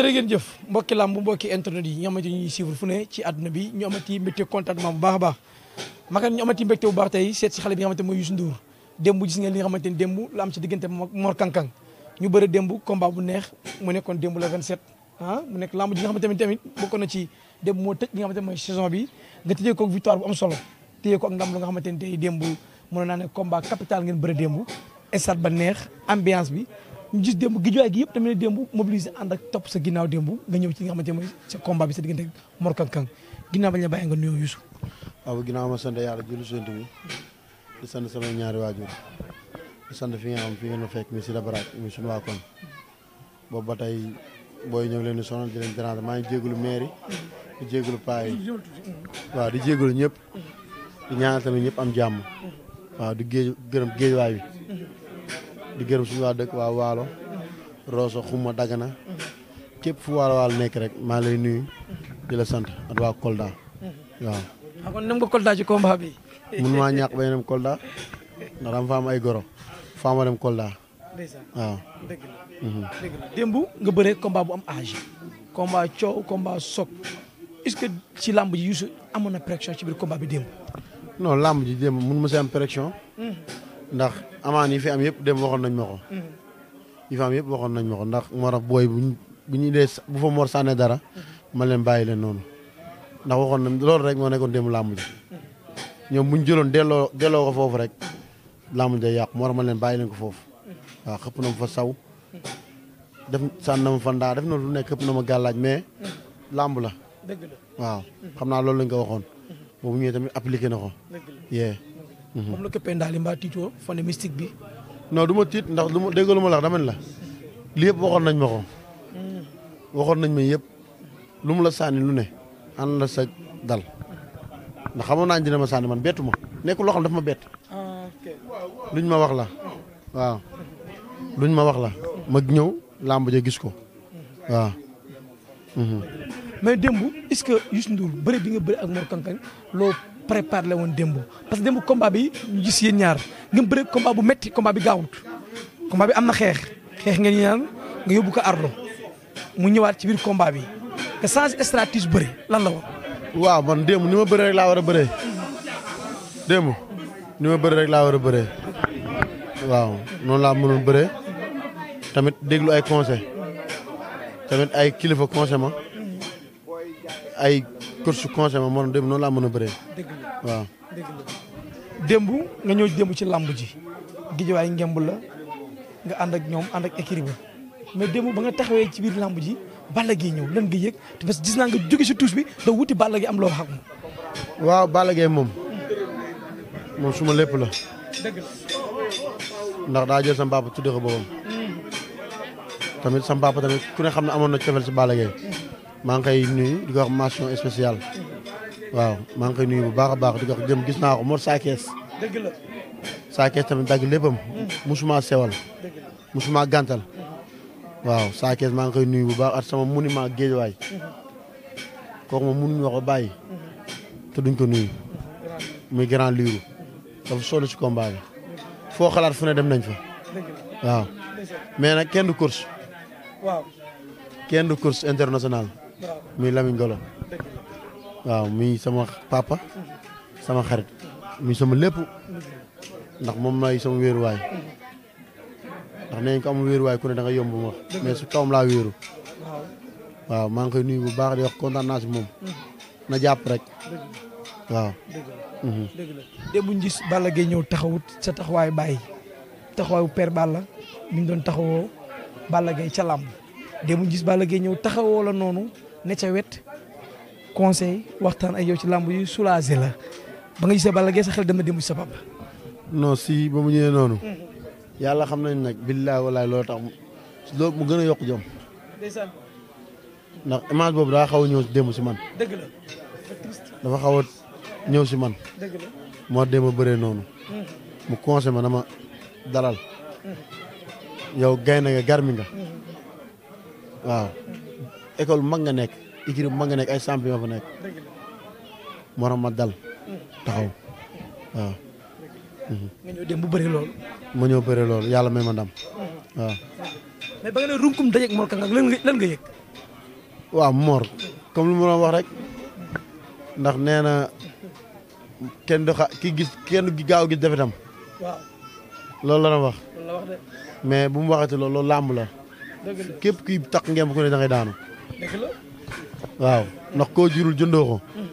jërë ngeen jëf mbokki làmb mbokki internet yi ñu xamante ñuy suivre fu ne ci àdduna bi ñu amati mbégte contentement bu baax a baax makan ñu amati mbégte bu baax tey seet si xale bi nga xamante mooy Youssou Ndour démb gis ngeen li nga xamante ni démb la am ci diggante Mor Kankang ñu bëri démb combat bu neex mu nekkoon démb la 27 ah mu nekk làmb ji nga xamante ni tamit bokk na ci démb moo tëj li nga xamante mooy saison bi nga tëjee ko victoire bu am solo téyee ko ak ndam lu nga xamante ni tey démb mën naa ne combat capital ngeen bëri démb stade ba neex ambiance bi ñu gis démb Guédiawaye gi yëpp tamit ne démb mobilisé ànd ak topp sa ginnaaw démb nga ñëw ci nga xamante mooy sa combat bi sa diggante Mor Kang Kang ginnaaw bañ la bàyyi nga nuyoo Youssou waaw ginnaaw ma sant yàlla julli sant bi di sant sama ñaari waajur di sant fi nga xam fi ngeen fekk mi si la baraat mi suñu waa kon boobu ba tey booy ñëw leen di sonal di leen déranger maa ngi jégalu maire di jégalu paa yi waaw di jégalu ñëpp di ñaanal tamit ñëpp am jàmm waaw di géej gërëm géej waay bi di gërëm suñu waa dëkk waa waalo Rosso Xuma Dagana képp fu waalo waalo nekk rek maa lay nuyu di la sant ak waa Kolda waaw. Ah, nga nga Kolda ci bi. mun maa ñàkk ba ñu dem Kolda ndax dama ay goro faa ma dem Kolda. waaw. Mhm. nga bëree combat bu am âge. combat coow combat soog est ci làmb ji Youssou amoon na pression ci biir combat bi démb. non làmb ji démb mun ma si am ndax amaan yi fi am yëpp dem waxoon nañ ma ko. Mhm. yi fi am yëpp waxoon nañ ma ko ndax moo tax booy bu ñu bu ñu dee bu fa mor sànne dara. Mhm. ma leen bàyyi leen noonu. ndax waxoon nañ loolu rek moo nekkoon démb laamu ji. Mhm. ñoom bu ñu jëloon delloo delloo ko foofu rek làmb ji yàqu moo tax ma leen bàyyi leen ko foofu. waaw xëpp na ma fa saw. def sànn na ma fa ndaa def na lu nekk xëpp na ma gàllaaj mais. làmb la. dëgg waaw xam naa loolu lañ ko waxoon. boobu ñëwee tamit appliqué na Mhm. moom la këppee ndaali mbaa tiitoo fane mystique bi. non du ma tiit ndax lu ma dégg lu ma la dama la li yëpp waxoon nañ ma ko. Mhm. waxoon nañ ma yépp lu mu la sànni lu ne an la sa dal ndax xamoon naa dina ma sànni man bettu ma nekkul loo xam daf ma bett. Ah, luñ ma wax la waaw luñ ma wax la ma ñëw làmb ja gis ko mhm. waaw. mais démb est-ce que Youssou Ndour bëri bi nga bëri ak Mor Kankañ loo prépare la woon démb parce que démb combat bi ñu gis ñaar ngeen bëre combat bu métti combat bi gaawut combat bi am na xeex xeex ngeen ñaan nga yóbbu ko mu ñëwaat ci biir combat bi te sans stratégie bëri lan la woon. waaw man démb ni ma bëree rek laa war a bëree démb ni ma bëree rek laa war a bëree waaw noonu laa mënoon bëree tamit déglu ay conseil tamit ay kilifa conseil ma course conseil ma moom démb noonu laa mën a bëree. dëgg waaw dëgg démb nga ñëw démb ci làmb ji. Guédiawaye ngemb la nga ànd ak ñoom ànd ak écurie ba mais démb ba nga taxawee ci biir làmb ji Balla Gaye ñëw lan nga yëg te parce que gis naa nga jóge si tuus bi da wuti Balla Gaye am loo wax ak moom. waaw Balla Gaye moom moom suma lépp la. ndax daa jël sama papa tuddee ko boppam. Mm. tamit sama papa tamit ku ne xam ne amoon na cofeel si Balla maa ngi koy nuyu di ko wax mention spéciale waaw maa ngi koy nuyu bu baax a baax di ko wax jëm gis naa ko Mor Sakess. tamit dagg léppam. Mm. musuma sewal. musuma gàntal. waaw Sakess maa ngi koy nuyu bu baax at sama monument Guédiawaye waay mm-hmm. moom mënuñu wax ko bàyyi. Mm-hmm. te duñ ko nuyu. muy grand Lirou. dafa solo ci combat bi. foo xalaat fu ne dem nañ fa. waaw mais nag kenn du course. waaw kenn muy Lamine Golo waaw muy sama papa sama xarit muy sama lépp ndax moom maay sama wéeruwaay ndax nee nañ ko amul wéeruwaay ku ne da yombu yomb ma mais su kawam laa wéeru waaw maa ngi koy nuyu bu baax di wax kontaan naa si moom na jàpp rek waaw. dëgg la démb ñu gis Balla Gaye ñëw taxawut sa taxawaayu bàyyi taxawaayu père Balla mi ngi doon taxawoo Balla Gaye ca làmb démb ñu gis gee ñëw taxawoo la noonu ne ca wet conseil waxtaan ak yow ci làmb yu soulager la ba nga gisee bala Gaye sa xel dama dem ci sa papa. non si ba mu ñëwee noonu. Mm-hmm. yàlla xam nañ nag billaay walaay loolu tax mu gën a yokk jom. ndax image boobu daa xaw a ñëw démb si man. xaw ñëw si man. dëgg la moo démb noonu. Mm-hmm. mu conseil ma dama dalal. Mm-hmm. yow gaynde nga garmi nga. waaw. école mag nga nekk équipe mag nga nekk ay champion fa nekk moo tax ma dal taxaw waaw. nga ñëw dem bu bëri loolu. ma loolu yàlla may ma ndam waaw. mais ba nga wax rek ndax nee na kenn du xa ki gis kenn du gaaw gis defetam waaw loolu la na wax. loolu la wax mais bu mu waxati loolu loolu làmb la. képp kuy takk ngeen ko ne da daanu. waaw ndax koo jurul jëndoo hmm.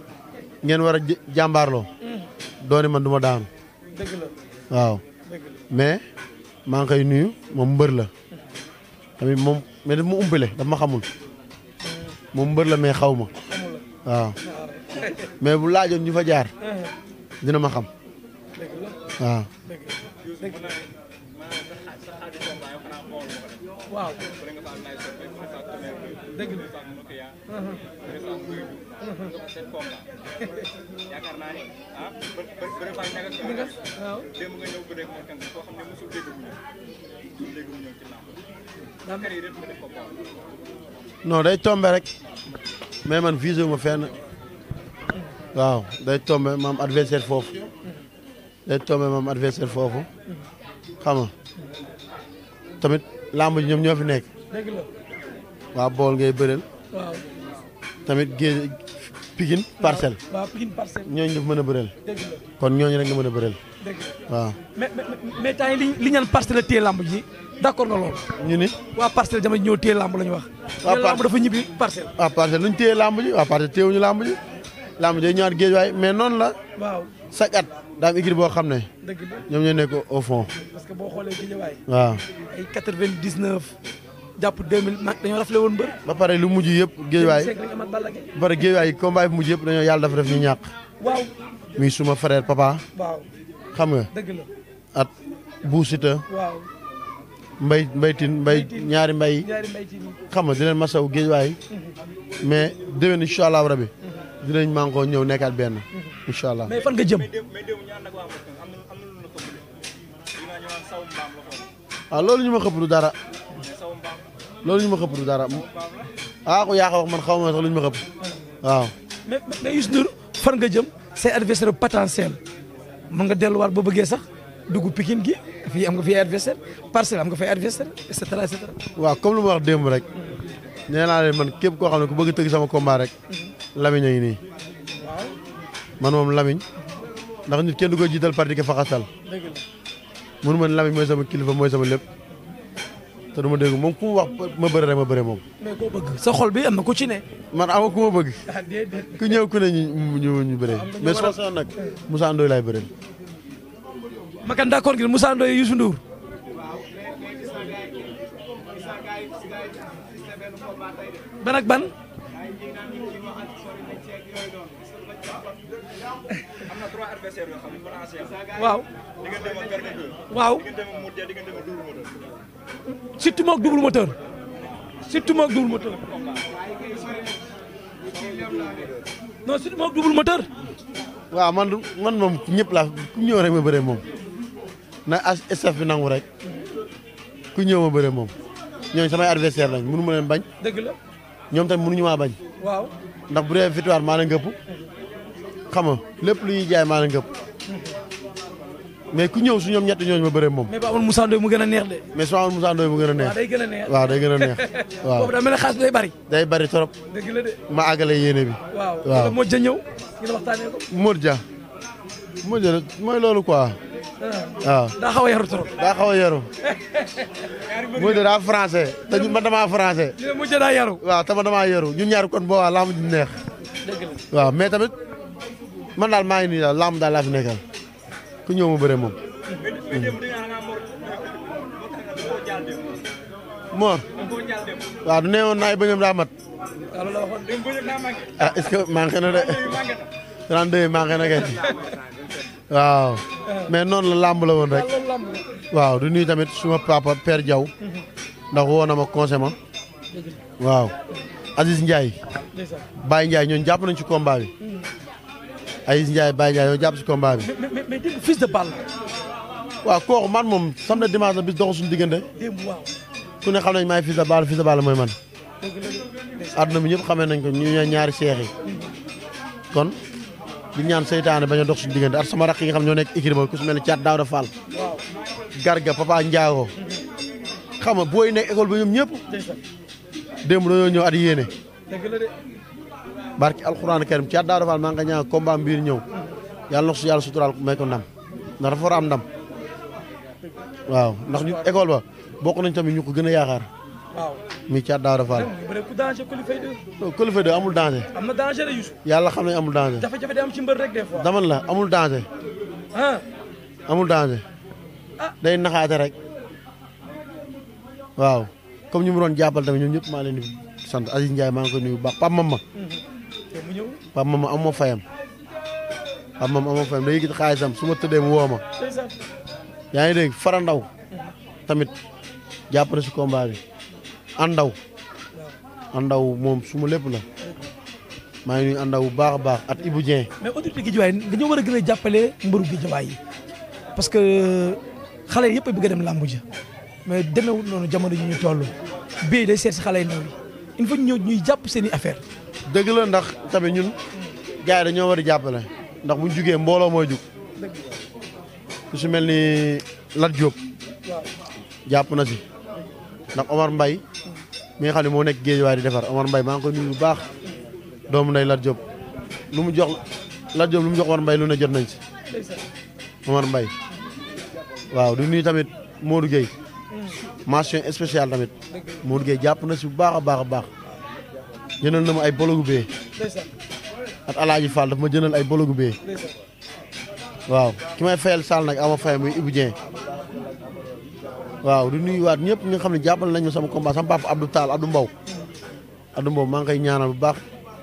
ngeen war a jàmbaarloo hmm. doone man du ma daanu waaw mais maa ngi koy nuyu moom mbër la tamit moom mais daf ma umpale daf ma xamul hmm. moom mbër la mais xaw ma waaw mais bu laajoon ñu fa jaar dina ma xam waaw waaw day tombe rek mais man visé ma fenn waaw day tombe maam adversaire foofu day tombe maam adversaire foofu xam tamit làmb ñoom ñoo fi nekk. waa bool ngay bëreel. tamit géej Pikine parcelle. waaw Pikine parcelle. mën a bëreel. kon ñooñu rek mën a bëreel. waaw. mais mais li ñaan parcelle la téye làmb ji d'accord nga loolu. ñu ni waa parcelle jamono ji ñoo téye làmb la ñu wax. waa parcelle dafa ñibbi parcelle. waa parcelle lu ñu téye làmb ji waa parcelle téyewuñu làmb ji. làmb jooju ñëwaat géej waay mais noonu la. waaw chaque at daa am boo xam ne. dëgg la ñoom ñoo nekk au fond. parce que boo waaw ay quatre vingt dix neuf jàpp deux mille nag dañoo rafetlu woon mbër. ba pare lu mujj yëpp géej waay ba pare géej waay combat yi mujj yëpp dañoo yàlla dafa def ñu ñàkk. waaw suma frère papa. waaw xam nga. dëgg la at buusita. waaw. mbay mbaytin mbay ñaari mbay. xam nga di leen géej waay mhm. mais déwén incha allah dinañ mànkoo ñëw nekkaat benn. Mhm. incha allah fan nga jëm. waaw ah, loolu ñu ma xëpp du dara. loolu ñu ma xëpp du dara. a ah, ku yaa ko man xaw ma sax lu ñu ma xëpp. waaw. mais mais Youssou fan nga jëm say adversaire potentiel mun nga delluwaat boo bëggee sax dugg Pikine gi fii am nga fi adversaire parcelle am nga fay adversaire et cetera et cetera. waaw comme lu ma wax démb rek. Mhm. nee naa leen man képp koo xam ne ku bëgg tëgg sama combat rek. Mhm. lamiñ a ngi nii man moom lamiñ ndax nit kenn du ko jiital parti ke faxasal mënu man lamiñ mooy sama kilifa mooy sama lépp te du ma dégg moom ku mu wax ma bëre rek ma bëre moom. mais bëgg sa xol bi am na ku ci ne. man ama ku ma bëgg. Ah, ku ñëw ku ne ñu ñu ñu bëree. mais soo soxla nag Moussa ma kan d'accord ngir Moussa Ndoye Youssou Ndour. ban ak ban. waaw. waaw. surtout moog double moteur. surtout moog double moteur. non surtout waaw man man moom ñëpp laa ku ñëw rek moom na staff bi nangu rek ku ñëw ma bëre moom ñooñu samay adversaire lañ mënu ma leen bañ. dëgg la ñoom tamit mënuñu maa bañ. waaw ndax bu dee victoire maa la ngëpp xam lépp lu ñuy jaay maa la ngëpp ku ñëw su ñoom ñetti ñooñu ma bëre moom. mais ba amoon Moussa mu gën a neex de. mais su amoon Moussa mu gën a neex. waaw day gën a neex waaw day gën a neex. waaw boobu daa mel ne xaalis day bari. day bari trop. ma àggale yéene bi. waaw waaw Modou Dia ñëw. ngeen waxtaanee ko. Modou Dia. Modou Dia mooy loolu quoi. waaw daa xaw a de daa français te ñu man damaa français. mu mujj daa yaru. waaw te man damaa yaru ñun ñaar kon boo waa laamu ji neex. waaw mais tamit man daal maa ngi nii daal laamu daal laa ku ñëw ma moom. Mor. waaw du ne naa ay bëñam daa mat. ah est-ce de. 32 manqué na kay. waaw mais noonu la làmb la woon rek waaw du nuyu tamit suma papa Père Diaw ndax woo na ma conseil ma waaw Aziz Ndiaye Baye Ndiaye ñoom jàpp nañ ci combat bi hmm. Aziz njaay Baye Ndiaye ñoo jàpp ci combat bi mais dégg man moom sam na dimanche la bis doxu suñu diggante ku ne xam nañ maay fils de balle fils de balle mooy man àdduna bi ñëpp xamee nañ ko ñu ñoo ñaari seex yi hmm. kon di ñaan seytaane bañ a dox suñu diggante ak sama rakk xam ñoo nekk écurie ba ku su mel ne Thiat Daouda Garga Papa Ndiago xam nga booy nekk école ba ñoom ñëpp démb dañoo ñëw at yéene barki alxuraan karim Thiat Daouda Fall maa nga ñaan combat mbiir ñëw yàlla na ko su yàlla suturaal may ndam ndax dafa am ndam waaw ndax ñu école ba bokk nañ tamit ñu ko gën a yaakaar waaw muy caat daawda faal. non Coly Faye amul danger. yàlla xam ne amul danger. jafe-jafe la amul danger. amul danger. Ah. day naxaate rek. waaw comme ñu mu doon jàppal tamit ñoom ñëpp maa leen di sant Aziz njaay maa ngi koy nuyu bu baax Pape Mama. Mhm. Pape Mama amoo fayam. Pape Mama fayam day yëkkati xaalisam su ma tëddee mu woo ma. yaa ngi dégg farandaw. Mhm. tamit jàpp si combat bi. andaw andaw moom su ma lépp la maa ngi nuyu andaw bu baax a baax at Ibou Dieng. mais autorité Guédiawaye dañoo war a gën a jàppale mbëru Guédiawaye yi parce que xale yëpp a bëgg a dem làmb ji mais demeewul noonu jamono ji ñu toll bii day seet si xale ndaw yi il faut ñu ñuy jàpp seeni i affaire dëgg la ndax tamit ñun gars dañoo war a jàppale ndax bu ñu jugee mbooloo mooy jug ku si mel ni Lat Diop jàpp na si ndax Omar mbay mi nga moo nekk géej waay di defar Omar Mbaye maa ngi koy nuyu bu baax doomu nday Lat Diop lu mu jox Lat Diop mu jox Omar Mbaye lu jot nañ ci Omar mbay waaw du nuyu tamit Modou Gueye mention spéciale tamit Modou Gueye jàpp na si bu baax a baax a baax jënal na ma ay gu bee ak Alaaji Fall daf ma jënal ay bolo gu bee waaw ki may fayal Sall nag ama fay muy Ibou Dieng waaw di nuyuwaat ñëpp ñi nga xam ne jàppal nañu sama combat sama papa Abdou Tall Abdou Mbow. Abdou Mbow maa ngi koy ñaanal bu baax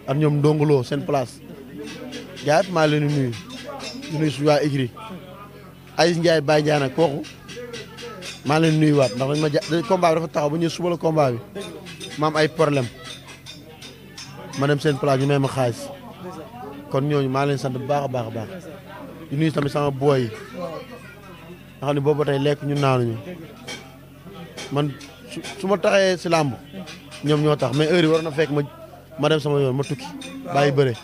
ak ñoom ndongoloo seen place gars maa leen di nuyu di nuyu suñu waa Igri Aziz Ndiaye Baye Ndiaye kooku maa leen nuyuwaat ndax ma ja combat dafa taxaw ba ñu suba la combat ay problème ma dem seen place ñu may ma xaalis kon ñooñu maa leen sant bu baax a baax a baax di nuyu sama booy nga xam ne boobu ba lekk ñu naanuñu man su ma taxee si làmb ñoom ñoo tax mais heure war na fekk ma ma dem sama yoon ma tukki bàyyi bëre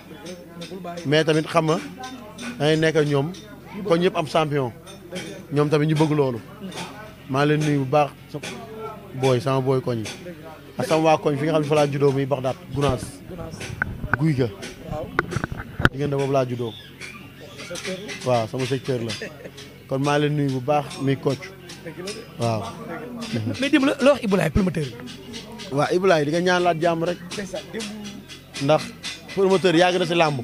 mais tamit xam nga dangay nekk ñoom kon ñëpp am champion ñoom tamit ñu bëgg loolu maa leen nuyu bu baax booy sama booy koñ yi ak sama waa koñ fi nga xam ne fa laa juddoo muy bax daat gunaas guy ga diggante boobu laa juddoo waaw sama secteur la kon maa leen nuyu bu baax muy kocc waaw. mais démb la loo Ibulaay promoteur bi. waaw Ibulaay di nga ñaan laat jàmm rek. ndax promoteur yàgg na si làmb.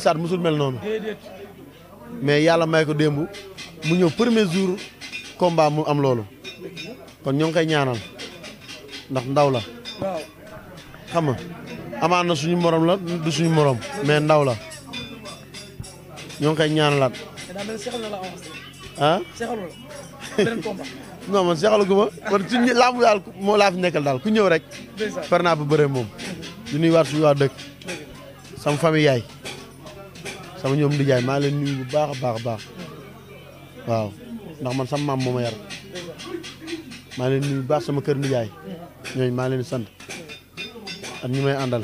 stade musul mel noonu. mais yàlla may ko démb mu ñëw premier jour combat mu am loolu. kon ñoo ngi koy ñaanal ndax ndaw la. xam nga amaan na suñu morom la du suñu morom mais ndaw la ñoo ngi koy ñaanalaat. ah. non man seexalaguma man daal ku ñëw rek. far naa ba bëre moom. du nuyuwaat suñu waa dëkk. sama famille yaay. sama ñoom di jaay maa leen nuyu bu baax a baax a baax. waaw ndax man sama maam moo ma yar. maa leen nuyu bu baax sama kër Ndiaye ñooñu maa leen sant ak ñi may àndal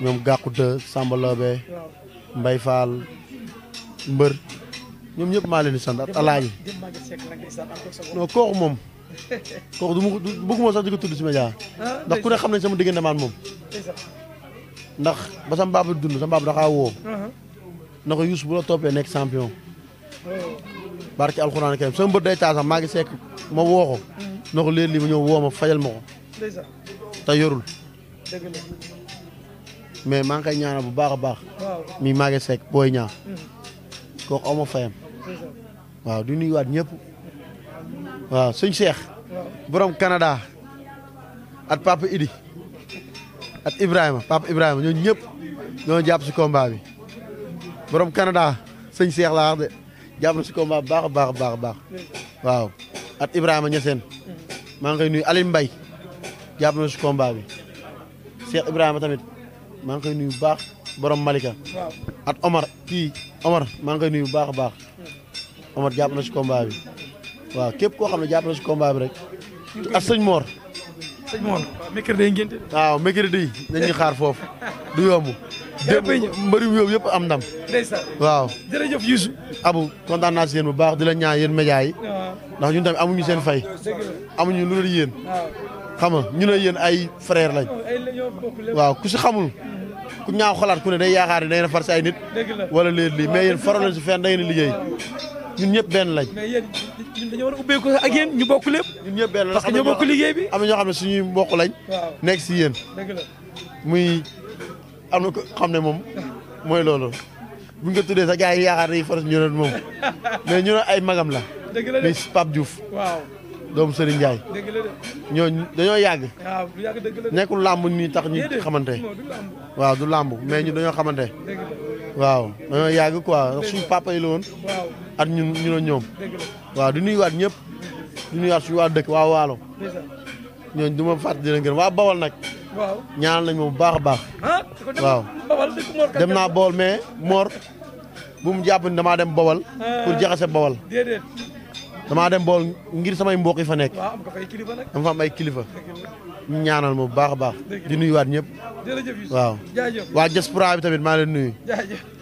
ñoom gàqute Samba Lobe Mbay Fall mbër ñoom ñëpp maa leen di sant ak alaaji non moom kooku du ma bëgguma sax di tudd si média ndax ku ne xam nañ sama diggante maan moom ndax ba sama baaba dund sama baaba daxaa woo na ko Youssou la toppee nekk champion barki alxuraan karim sama mbër day taa sax maa ngi sekk ma woo ko na ko lii ma ñëw woo fajal ma ko te yorul mais maa ngi koy ñaanal bu baax a baax mi maa ngi sekk booy ñaa kooku aw ma fayam waaw di nuyuwaat ñëpp waaw sëñ Cheikh boroom Canada ak papa Idi ak Ibrahima papa Ibrahima ñoo ñëpp ñoo jàpp si combat bi borom Canada sëñ Cheikh laa wax de jàpp na si combat baax a baax baax baax waaw at Ibrahima Niassène maa ngi koy nuyu Alim mbay jàpp na si combat Ibrahima tamit maa ngi koy nuyu baax borom Malika at Omar kii. Omar ma ngi koy bu baax a baax Omar jàpp na si combat bi waaw képp koo xam ne jàpp na si combat bi rek ak sëñ Mor. sëñ Mor mercredi ngeen waaw mercredi dañuy xaar foofu du yomb. yëpp mbëri yooyu yëpp am ndam. ndeysaan waaw jërëjëf Youssou. Abou kontaan bu baax di la ñaan yéen média yi ndax ñun tamit amuñu seen fay. amuñu lu dul yéen. xam nga ñu ne yéen ay frère lañ. waaw ku si xamul. ku ñaaw xalaat ku ne day yaakaar ne day na far si ay nit. wala léegi lii mais yéen faral leen si fenn da ngeen liggéey ñun ñëpp benn lañ. mais yéen a ñu bokk ñëpp benn lañ liggéey am na ñoo xam ne lañ. nekk si yéen. muy am na ko xam ne moom mooy loolu. bu nga tuddee sa gars yi yaakaar ne faral ñu ne moom mais ñu ay magam la. dëgg la Pape doomu Serigne Ndiaye ñooñu dañoo yàgg nekkul làmb nii tax ñu xamante waaw du làmb mais ñu dañoo xamante waaw dañoo yàgg quoi suñu papa yi la at ñun ñu la ñoom waaw du nuyuwaat ñëpp du nuyuwaat suñu waa dëkk waa waalo ñooñ du ma fàtte di waa Bawol nag ñaanal nañ ma bu baax a baax ah, waaw dem naa Bawol mais Mor bu mu jàpp ni damaa dem Bawol ah. pour jaxase Bawol damaa de mbool ngir samay mbook yi fa nekk. dama fa am ay kilifa. ñu ñaanal bu baax a baax. di nuyuwaat ñëpp. waaw. waa diaspora bi tamit maa leen nuyu.